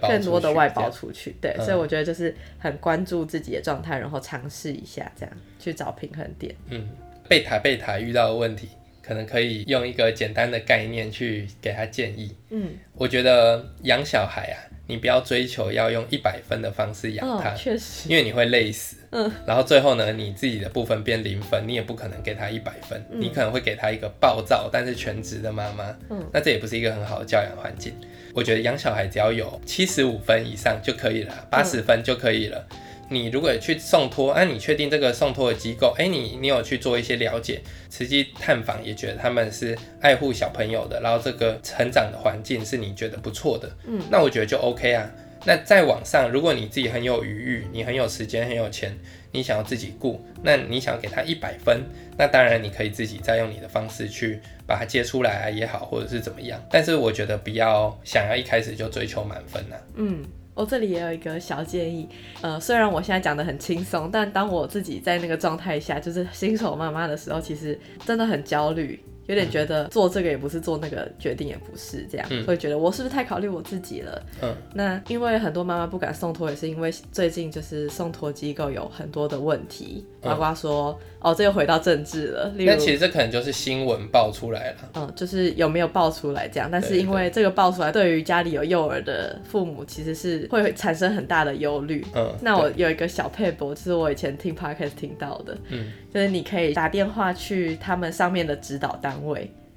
Speaker 1: 更多的外包出去。對，所以我覺得就是很關注自己的狀態，嗯、然後嘗試一下這樣去找平衡點。
Speaker 2: 嗯，貝塔貝塔遇到的問題，可能可以用一個簡單的概念去給他建議。嗯，我覺得養小孩啊。你不要追求要用一百分的方式養他，哦、確實，因為你會累死，嗯。然後最後呢，你自己的部分變零分，你也不可能給他一百分，嗯，你可能會給他一個暴躁但是全職的媽媽，嗯。那這也不是一個很好的教養環境。我覺得養小孩只要有七十五分以上就可以了，八十分就可以了。嗯你如果去送托，哎、啊，你確定這個送托的機構，誒、欸，你你有去做一些了解，實際探訪也覺得他們是愛護小朋友的，然後這個成長的環境是你覺得不錯的，嗯，那我覺得就 OK 啊。那在網上，如果你自己很有餘裕，你很有時間、很有錢，你想要自己顧，那你想要給他一百分，那當然你可以自己再用你的方式去把它接出來、啊、也好，或者是怎麼樣。但是我覺得不要想要一開始就追求滿分吶、啊，嗯。
Speaker 1: 我、哦，這裡也有一個小建議，呃，雖然我現在講得很輕鬆，但當我自己在那個狀態下，就是新手媽媽的時候，其實真的很焦慮。有點覺得做這個也不是做那個，決定也不是這樣，會、嗯、覺得我是不是太考慮我自己
Speaker 3: 了？
Speaker 1: 嗯，那因為很多媽媽不敢送托，也是因為最近就是送托機構有很多的問題，呱、嗯、呱說哦，這又回到政治了。那其實這可能
Speaker 2: 就是新聞爆出來了。
Speaker 1: 嗯，就是有沒有爆出來這樣？但是因為這個爆出來，對於家裡有幼兒的父母其實是會產生很大的憂慮。嗯，那我有一個小撇步就是我以前聽 podcast 聽到的。嗯，就是你可以打電話去他們上面的指導單位。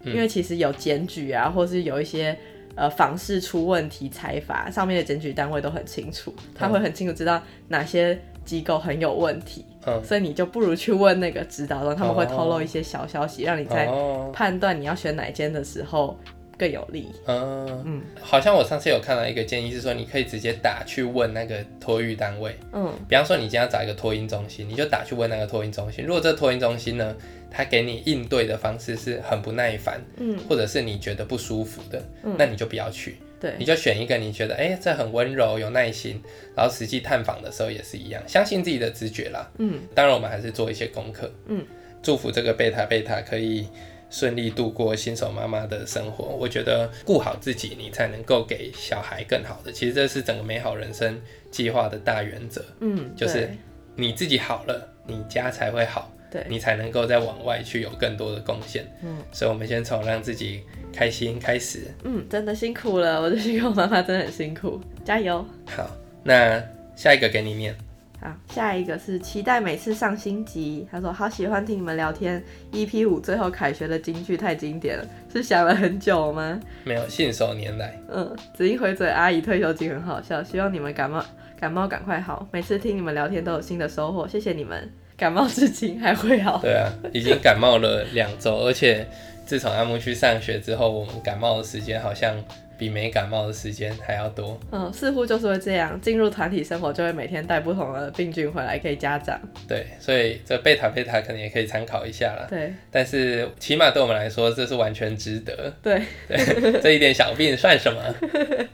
Speaker 1: 因為其實有檢舉啊，或是有一些呃房市出問題，財閥上面的檢舉單位都很清楚，他會很清楚知道哪些機構很有問題，嗯，所以你就不如去問那個指導，他們會透露一些小消息，哦、讓你在判斷你要選哪間的時候。哦哦更
Speaker 2: 有利，呃。嗯，好像我上次有看到一個建議是說，你可以直接打去問那個托育單位。嗯，比方說你今天要找一個托嬰中心，你就打去問那個托嬰中心。如果這托嬰中心呢，他給你應對的方式是很不耐煩，嗯，或者是你覺得不舒服的，嗯，那你就不要去。對，你就選一個你覺得，哎、欸，這很溫柔、有耐心，然後實際探訪的時候也是一樣，相信自己的直覺啦。嗯，當然我們還是做一些功課。嗯，祝福這個貝塔貝塔可以。順利度過新手媽媽的生活，我覺得顧好自己，你才能夠給小孩更好的。其實這是整個美好人生計劃的大原則。嗯，就是你自己好了，你家才會好，對，你才能夠再往外去有更多的貢獻。嗯，所以我們先從讓自己開心開始。嗯，
Speaker 1: 真的辛苦了，我的新手媽媽真的很辛苦，加油。
Speaker 2: 好，那下一個給你念。
Speaker 1: 好，下一個是期待每次上新集。他說好喜歡聽你們聊天。EP 五最後凱旋的金句太經典了，是想了很久了嗎？
Speaker 2: 沒有，信
Speaker 1: 手拈來。嗯，子怡回嘴阿姨退休金很好笑。希望你們感冒感冒趕快好。每次聽你們聊天都有新的收穫，謝謝你們。感冒至今還會好？對啊，
Speaker 2: 已經感冒了兩周， 而且自從阿木去上學之後，我們感冒的時間好像，比沒感冒的時間還要多。嗯、
Speaker 1: 哦，似乎就是會這樣，進入團體生活就會每天帶不同的病菌回來，給家長。
Speaker 2: 對，所以這貝塔貝塔可能也可以參考一下啦。對，但是起碼對我們來說，這是完全值得。對，對， 這一點小病算什麼？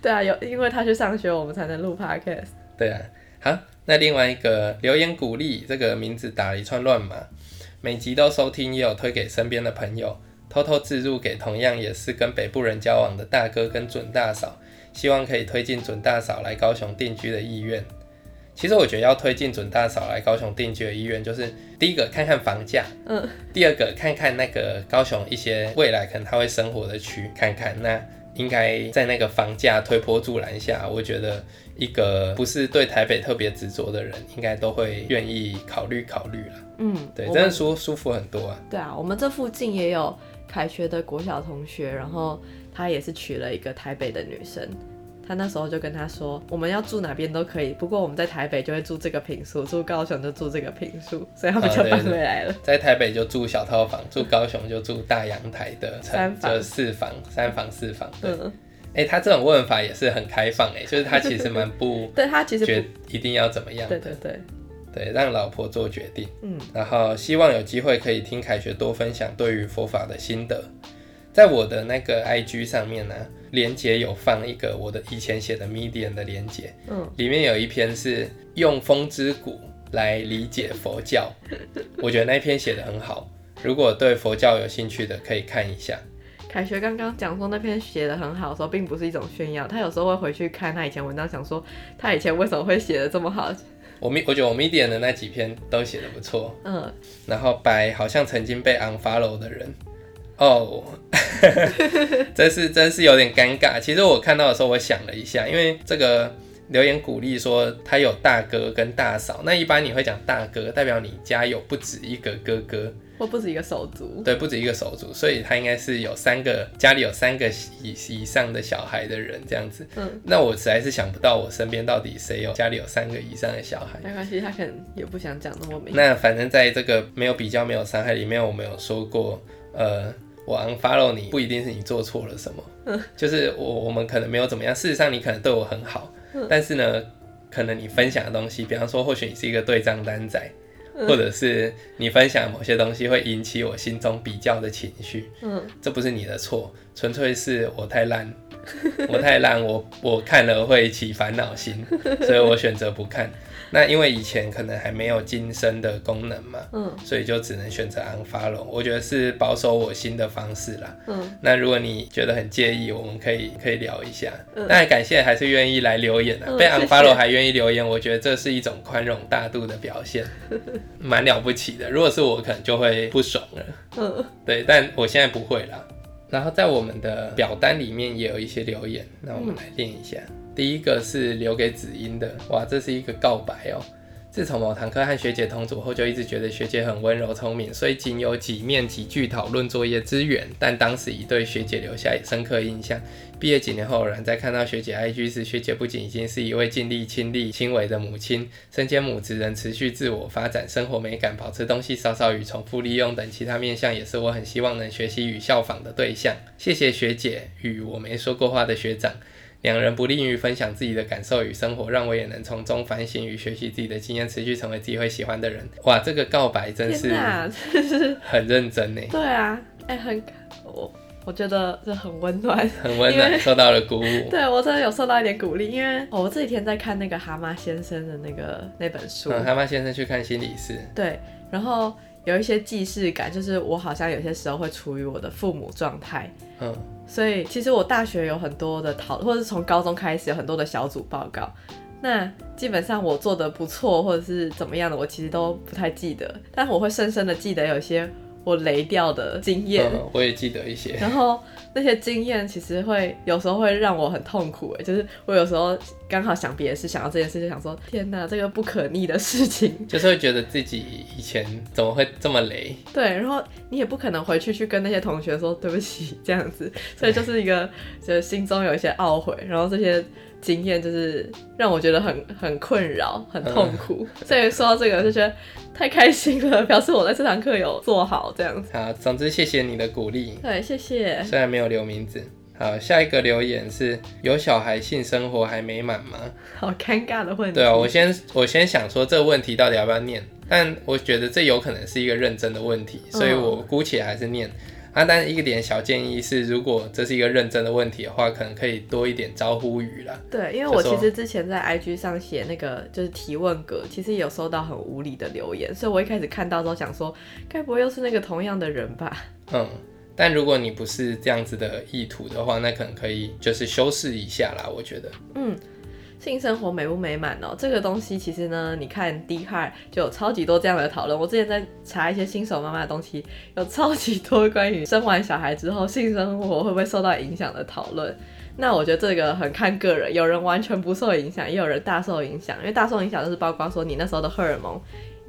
Speaker 1: 對啊，有，因為他去上學，我們才能錄 podcast。
Speaker 2: 對啊，好，那另外一個留言鼓勵這個名字打了一串亂碼，每集都收聽，也有推給身邊的朋友。偷偷置入給同樣也是跟北部人交往的大哥跟準大嫂，希望可以推進準大嫂來高雄定居的意願。其實我覺得要推進準大嫂來高雄定居的意願，就是第一個看看房價，嗯，第二個看看那個高雄一些未來可能他會生活的區，看看那應該在那個房價推波助瀾下，我覺得一個不是對台北特別執着的人，應該都會願意考慮考慮了。嗯，對，真的舒舒服很多
Speaker 1: 啊。對啊，我們這附近也有。凱學的國小同學，然後他也是娶了一個台北的女生。他那時候就跟他說，我們要住哪邊都可以，不過我們在台北就會住這個坪數，住高雄就住這個坪數，所以他們就搬回來了。哦對對對。在台北
Speaker 2: 就住小套房，住高雄就住大陽台的 三房四房，三房四房。
Speaker 1: 對
Speaker 2: 嗯，哎、欸，他這種問法也是很開放，欸，哎，就是他其實蠻不，對他其實不一定要怎麼樣的， 對，對對對。對，讓老婆做決定。嗯，然後希望有機會可以聽凱學多分享對於佛法的心得。在我的那個 IG 上面呢、啊，連結有放一個我的以前寫的 Medium 的連結，嗯，裡面有一篇是用風之谷來理解佛教， 我覺得那篇寫得很好。如果對佛教有興趣的，可以看一下。
Speaker 1: 凱學剛剛講說那篇寫得很好的時候，並不是一種炫耀。他有時候會回去看他以前文章，想說他以前為什麼會寫得這麼好。
Speaker 2: 我咪，我覺得我咪點的那幾篇都寫得不錯。嗯、uh.，然後白好像曾經被 unfollow 的人，哦、oh, 真是真是有點尷尬。其實我看到的時候，我想了一下，因為這個留言鼓勵說他有大哥跟大嫂，那一般你會講大哥，代表你家有不止一個哥哥。
Speaker 1: 或不止一個手足，對，不
Speaker 2: 止一個手足，所以他應該是有三個，家裡有三個以以上的小孩的人這樣子。嗯，那我實在是想不到我身邊到底誰有家裡有三個以上的小孩。沒
Speaker 1: 關係，他可能也不想講那麼明。
Speaker 2: 那反正在這個沒有比較、沒有傷害裡面，我們有說過，呃，我 unfollow 你，不一定是你做錯了什麼，嗯，就是我我們可能沒有怎麼樣。事實上，你可能對我很好，嗯，但是呢，可能你分享的東西，比方說，或許你是一個對賬單仔。或者是你分享某些東西會引起我心中比較的情緒，嗯，這不是你的錯，純粹是我太爛，我太爛，我我看了會起煩惱心，所以我選擇不看。那因為以前可能還沒有晉升的功能嘛，嗯，所以就只能選擇 unfollow，我覺得是保守我心的方式啦，嗯。那如果你覺得很介意，我們可以可以聊一下。但、嗯、感謝還是願意來留言啊。嗯、被 unfollow 還願意留言、嗯謝謝，我覺得這是一種寬容大度的表現，蠻了不起的。如果是我，可能就會不爽了，嗯。對，但我現在不會了。然後在我們的表單裡面也有一些留言，那我們來念一下。嗯第一個是留給子音的，哇，這是一個告白哦、喔。自從某堂課和學姐同組後，就一直覺得學姐很溫柔聰明，所以僅有幾面幾句討論作業之緣。但當時已對學姐留下深刻印象。畢業幾年後偶然在看到學姐 IG 時，學姐不僅已經是一位盡力親力親為的母親，身兼母職仍持續自我發展、生活美感、保持東西、稍稍與重複利用等其他面向，也是我很希望能學習與效仿的對象。謝謝學姐與我沒說過話的學長。兩人不吝於分享自己的感受與生活，讓我也能從中反省與學習自己的經驗，持續成為自己會喜歡的人。哇，這個告白真是很認真呢。
Speaker 1: 對啊，哎、欸，很我我覺得這很溫暖，很溫暖，受
Speaker 2: 到了鼓舞。對，
Speaker 1: 我真的有受到一點鼓勵，因為、哦、我這幾天在看那個蛤蟆先生的那個那本書。嗯、蛤蟆
Speaker 2: 先生去看心理師。
Speaker 1: 對，然後有一些既視感，就是我好像有些時候會處於我的父母狀態。嗯。所以其實我大學有很多的討論，或者是從高中開始有很多的小組報告。那基本上我做的不錯，或者是怎麼樣的，我其實都不太記得。但我會深深的記得有些。我雷掉的經驗，嗯，
Speaker 2: 我也記得一些。然後
Speaker 1: 那些經驗其實會有時候會讓我很痛苦，誒，就是我有時候剛好想別的事，想到這件事就想說天哪，這個不可逆的事情，
Speaker 2: 就是會覺得自己以前怎麼會這麼雷。
Speaker 1: 對，然後你也不可能回去去跟那些同學說對不起這樣子，所以就是一個就是心中有一些懊悔，然後這些。今天就是讓我覺得很很困擾，很痛苦、嗯。所以說到這個，就覺得太開心了，表示我在這堂課有做好這樣
Speaker 2: 子。好，總之謝謝你的鼓勵。
Speaker 1: 對，謝謝。雖
Speaker 2: 然沒有留名字。好，下一個留言是有小孩性生活還美滿嗎？
Speaker 1: 好尷尬的問題。對啊，我先
Speaker 2: 我先想說這個問題到底要不要念，但我覺得這有可能是一個認真的問題，所以我姑且還是念。嗯阿、啊、但是一個點小建議是，如果這是一個認真的問題的話，可能可以多一點招呼語啦。
Speaker 1: 對，因為我其實之前在 IG 上寫那個就是提問格，其實也有收到很無理的留言，所以我一開始看到之後想說，該不會又是那個同樣的人吧？嗯，
Speaker 2: 但如果你不是這樣子的意圖的話，那可能可以就是修飾一下啦，我覺得。嗯。
Speaker 1: 性生活美不美滿哦？這個東西其實呢，你看 Dcard 就有超級多這樣的討論。我之前在查一些新手媽媽的東西，有超級多關於生完小孩之後性生活會不會受到影響的討論。那我覺得這個很看個人，有人完全不受影響，也有人大受影響。因為大受影響就是包括說你那時候的荷爾蒙。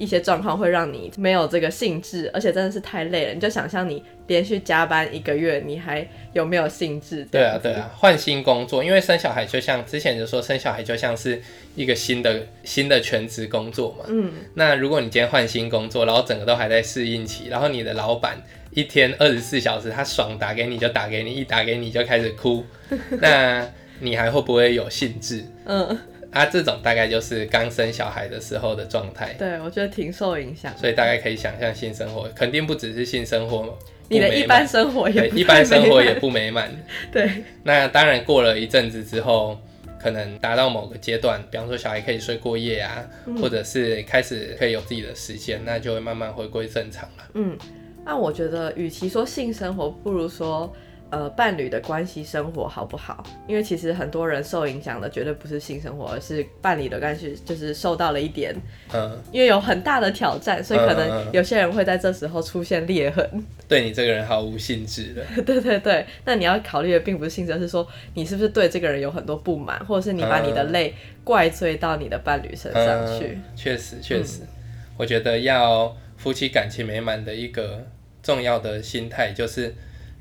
Speaker 1: 一些狀況會讓你沒有這個興致，而且真的是太累了。你就想象你連續加班一個月，你還有沒有興致？對啊，對啊，
Speaker 2: 換新工作，因為生小孩就像之前就說，生小孩就像是一個新的新的全職工作嘛。嗯。那如果你今天換新工作，然後整個都還在適應期，然後你的老闆一天二十四小時他爽打給你就打給你，一打給你就開始哭， 那你還會不會有興致？嗯。啊，這種大概就是剛生小孩的時候的狀態。
Speaker 1: 對，我覺得挺受影響。所以
Speaker 2: 大概可以想象，性生活肯定不只是性生活嘛，你的一般生活也一般生活也不美滿。對。那當然，過了一陣子之後，可能達到某個階段，比方說小孩可以睡過夜啊，嗯、或者是開始可以有自己的時間，那就會慢慢回歸正常了、啊。嗯，
Speaker 1: 那我覺得，與其說性生活，不如說。呃，伴侶的關係生活好不好？因為其實很多人受影響的絕對不是性生活，而是伴侶的關係，就是受到了一點。呃、嗯，因為有很大的挑戰，所以可能有些人會在這時候出現裂痕。嗯、
Speaker 2: 對你這個人毫無性致了。
Speaker 1: 對對對，那你要考慮的並不是性致，是說你是不是對這個人有很多不滿，或者是你把你的累怪罪到你的伴侶身上去。確、嗯、實確實、
Speaker 2: 嗯，我覺得要夫妻感情美滿的一個重要的心態就是。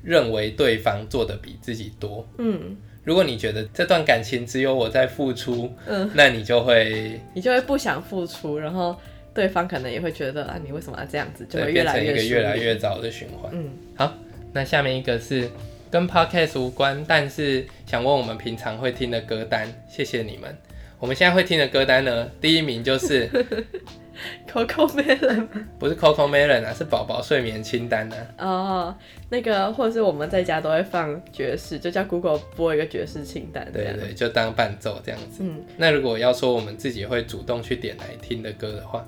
Speaker 2: 認為對方做得比自己多，嗯，如果你覺得這段感情只有我在付出，嗯，那你就會，
Speaker 1: 你就會不想付出，然後對方可能也會覺得啊，你為什麼要這樣子，就會越越變成一個越來越
Speaker 2: 糟的循環，嗯，好，那下面一個是跟 podcast 無關，但是想問我們平常會聽的歌單，謝謝你們，我們現在會聽的歌單呢，第一名就是。
Speaker 1: Coco Melon
Speaker 2: 不是 Coco Melon 啊，是寶寶睡眠清單呢，
Speaker 1: 啊。哦，oh，那個或者是我們在家都會放爵士，就叫 Google 播一個爵士清單，對,對對，就
Speaker 2: 當伴奏這樣子。嗯，那如果要說我們自己會主動去點來聽的歌的話，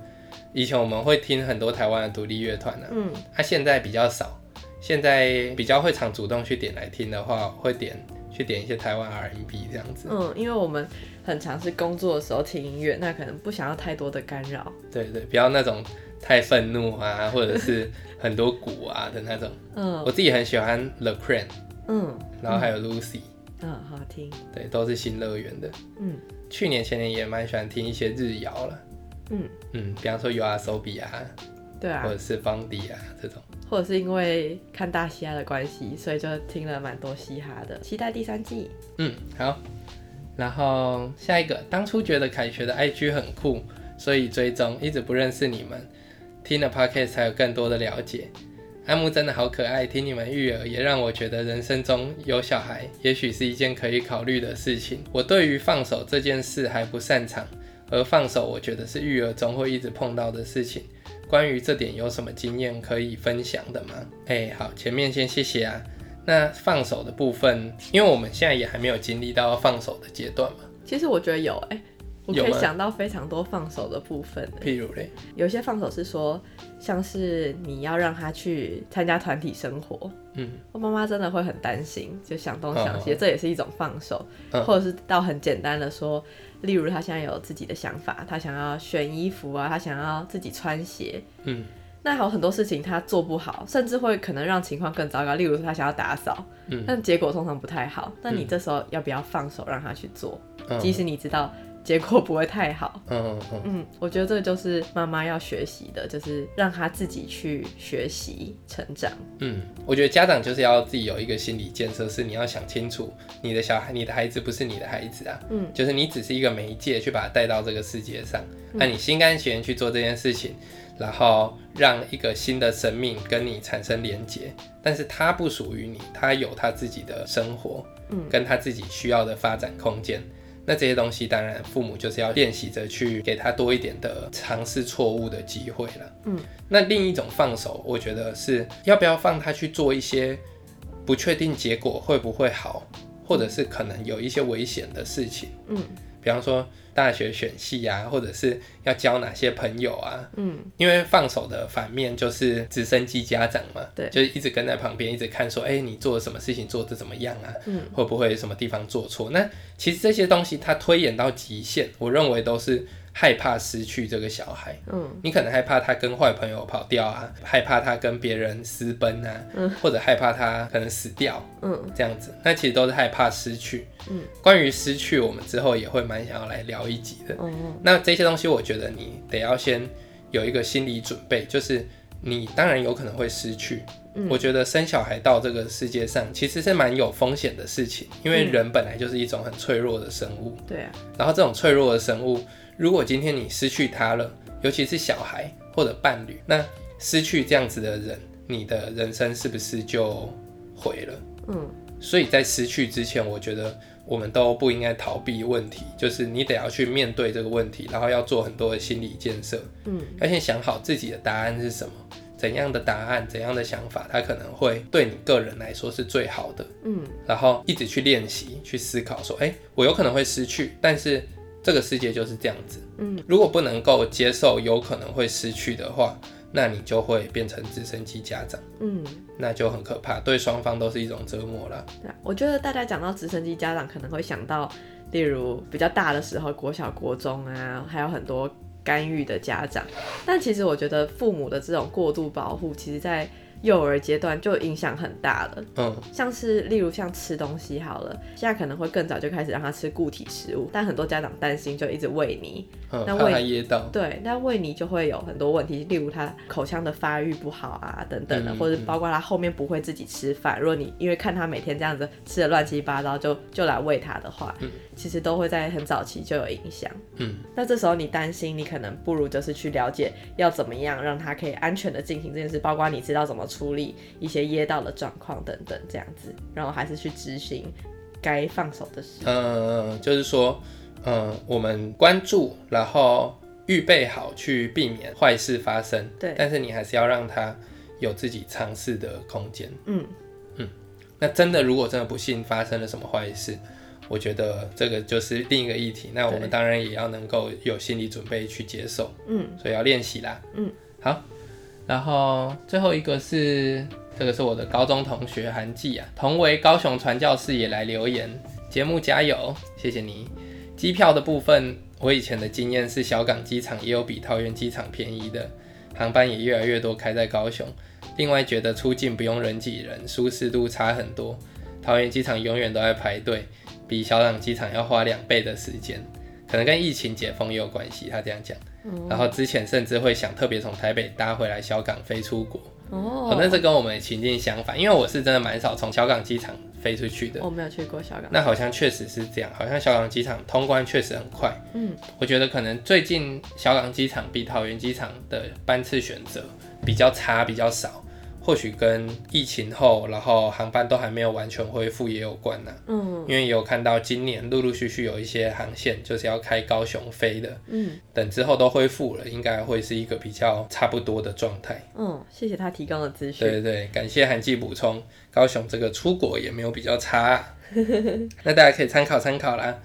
Speaker 2: 以前我們會聽很多台灣的獨立樂團呢。嗯，它、啊、現在比較少，現在比較會常主動去點來聽的話，會點去點一些台灣 R&B 這樣子。嗯，
Speaker 1: 因為我們。很常是工作的時候聽音樂，那可能不想要太多的干擾。對，
Speaker 2: 對對，不要那種太憤怒啊，或者是很多鼓啊的那種。 嗯，我自己很喜歡 The Cran。嗯，然後還有 Lucy 嗯。
Speaker 1: 嗯，好聽。
Speaker 2: 對，都是新樂園的。嗯，去年前年也蠻喜歡聽一些日謠了。嗯嗯，比方說 YOASOBI 啊，
Speaker 1: 對啊，或者
Speaker 2: 是邦迪啊這種。
Speaker 1: 或者是因為看大嘻哈的關係，所以就聽了蠻多嘻哈的。期待第三季。嗯，
Speaker 2: 好。然後下一個，當初覺得凱學的 IG 很酷，所以追蹤，一直不認識你們，聽了 Podcast 才有更多的了解。阿木真的好可愛，聽你們育兒也讓我覺得人生中有小孩，也許是一件可以考慮的事情。我對於放手這件事還不擅長，而放手我覺得是育兒中會一直碰到的事情。關於這點有什麼經驗可以分享的嗎？哎、欸，好，前面先謝謝啊。那放手的部分，因為我們現在也還沒有經歷到放手的階段嘛。
Speaker 1: 其實我覺得有哎、欸，我可以想到非常多放手的部分。譬如咧，有些放手是說，像是你要讓他去參加團體生活，嗯，我媽媽真的會很擔心，就想東想西、哦哦，這也是一種放手、嗯，或者是到很簡單的說，例如他現在有自己的想法，他想要選衣服啊，他想要自己穿鞋，嗯。那還有很多事情他做不好，甚至會可能讓情況更糟糕。例如說他想要打掃、嗯，但結果通常不太好。那你這時候要不要放手讓他去做？嗯、即使你知道結果不會太好。嗯嗯嗯。我覺得這就是媽媽要學習的，就是讓他自己去學習成長。嗯，
Speaker 2: 我覺得家長就是要自己有一個心理建設，是你要想清楚，你的小孩、你的孩子不是你的孩子啊。嗯，就是你只是一個媒介去把他帶到這個世界上。那、嗯啊、你心甘情願去做這件事情？然後讓一個新的生命跟你產生連接，但是他不屬於你，他有他自己的生活，嗯，跟他自己需要的發展空間。那這些東西，當然父母就是要練習着去給他多一點的嘗試錯誤的機會了，嗯。那另一種放手，我覺得是要不要放他去做一些不確定結果會不會好，或者是可能有一些危險的事情，嗯。比方說大學選系啊，或者是要交哪些朋友啊，嗯，因為放手的反面就是直升機家長嘛，對，就是一直跟在旁邊，一直看說，哎、欸，你做什麼事情做得怎麼樣啊，嗯，會不會什麼地方做錯？那其實這些東西它推演到極限，我認為都是，害怕失去這個小孩，嗯，你可能害怕他跟壞朋友跑掉啊，害怕他跟別人私奔啊，嗯，或者害怕他可能死掉，嗯，這樣子，那其實都是害怕失去。嗯，關於失去，我們之後也會蠻想要來聊一集的。嗯嗯，那這些東西，我覺得你得要先有一個心理準備，就是你當然有可能會失去。嗯，我覺得生小孩到這個世界上其實是蠻有風險的事情，因為人本來就是一種很脆弱的生物。
Speaker 1: 對
Speaker 2: 啊，然後這種脆弱的生物。如果今天你失去他了，尤其是小孩或者伴侶，那失去這樣子的人，你的人生是不是就毀了？嗯，所以在失去之前，我覺得我們都不應該逃避問題，就是你得要去面對這個問題，然後要做很多的心理建設。嗯，要先想好自己的答案是什麼，怎樣的答案，怎樣的想法，他可能會對你個人來說是最好的。嗯，然後一直去練習，去思考，說，欸，我有可能會失去，但是。這個世界就是這樣子，嗯，如果不能夠接受有可能會失去的話，那你就會變成直升機家長，嗯，那就很可怕，對雙方都是一種折磨了。對，
Speaker 1: 我覺得大家講到直升機家長，可能會想到，例如比較大的時候，國小、國中啊，還有很多。干預的家長，但其實我覺得父母的這種過度保護，其實，在幼兒階段就影響很大了。嗯、oh.，像是例如像吃東西好了，現在可能會更早就開始讓他吃固體食物，但很多家長擔心就一直餵泥，oh, 那喂噎到，對，那餵泥就會有很多問題，例如他口腔的發育不好啊等等的，mm -hmm. 或者包括他後面不會自己吃飯，如果你因為看他每天這樣子吃的亂七八糟就，就就來餵他的話，mm -hmm. 其實都會在很早期就有影響。嗯、mm -hmm.，那這時候你擔心你。可能不如就是去了解要怎麼樣讓他可以安全的進行這件事，包括你知道怎麼處理一些噎到的狀況等等，這樣子，然後還是去執行該放手的事。
Speaker 2: 嗯，就是說，嗯，我們關注，然後預備好去避免壞事發生。對，但是你還是要讓他有自己嘗試的空間。嗯嗯，那真的，如果真的不幸發生了什麼壞事，我覺得這個就是另一個議題，那我們當然也要能夠有心理準備去接受，嗯，所以要練習啦，嗯，好，然後最後一個是這個是我的高中同學韓季啊，同為高雄傳教士也來留言，節目加油，謝謝你。機票的部分，我以前的經驗是小港機場也有比桃園機場便宜的航班，也越來越多開在高雄。另外覺得出境不用人擠人，舒適度差很多，桃園機場永遠都在排隊。比小港機場要花兩倍的時間，可能跟疫情解封也有關係，他這樣講、嗯。然後之前甚至會想特別從台北搭回來小港飛出國。
Speaker 1: 哦，我、哦、那是
Speaker 2: 跟我們的情境相反，因為我是真的蠻少從小港機場飛出去的、哦。我
Speaker 1: 沒有去過小港，那好
Speaker 2: 像確實是這樣，好像小港機場通關確實很快。嗯，我覺得可能最近小港機場比桃園機場的班次選擇比較差，比較少。或許跟疫情後，然後航班都還沒有完全恢復也有關呢、啊。嗯，因為有看到今年陸陸續續有一些航線就是要開高雄飛的。嗯，等之後都恢復了，應該會是一個比較差不多的狀態。嗯，
Speaker 1: 謝謝他提供的資訊。對對
Speaker 2: 對，感謝韓記補充高雄這個出國也沒有比較差、啊。 那大家可以參考參考啦。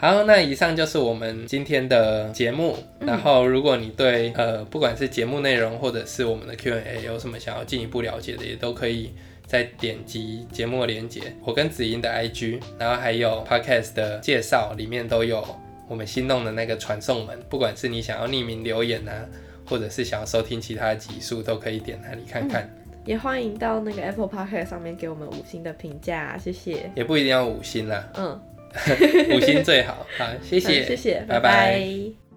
Speaker 2: 好，那以上就是我們今天的節目。嗯、然後，如果你對呃，不管是節目內容或者是我們的 Q&A 有什麼想要進一步了解的，也都可以再點擊節目連結，我跟子英的 IG，然後還有 Podcast 的介紹裡面都有我們心動的那個傳送門。不管是你想要匿名留言啊，或者是想要收聽其他集數，都可以點那裡看看、嗯。
Speaker 1: 也歡迎到那個 Apple Podcast 上面給我們五星的評價、啊，謝謝。也
Speaker 2: 不一定要五星啦、啊。嗯。
Speaker 1: 五 星最好， 好，謝謝、嗯，謝謝，拜拜。拜拜。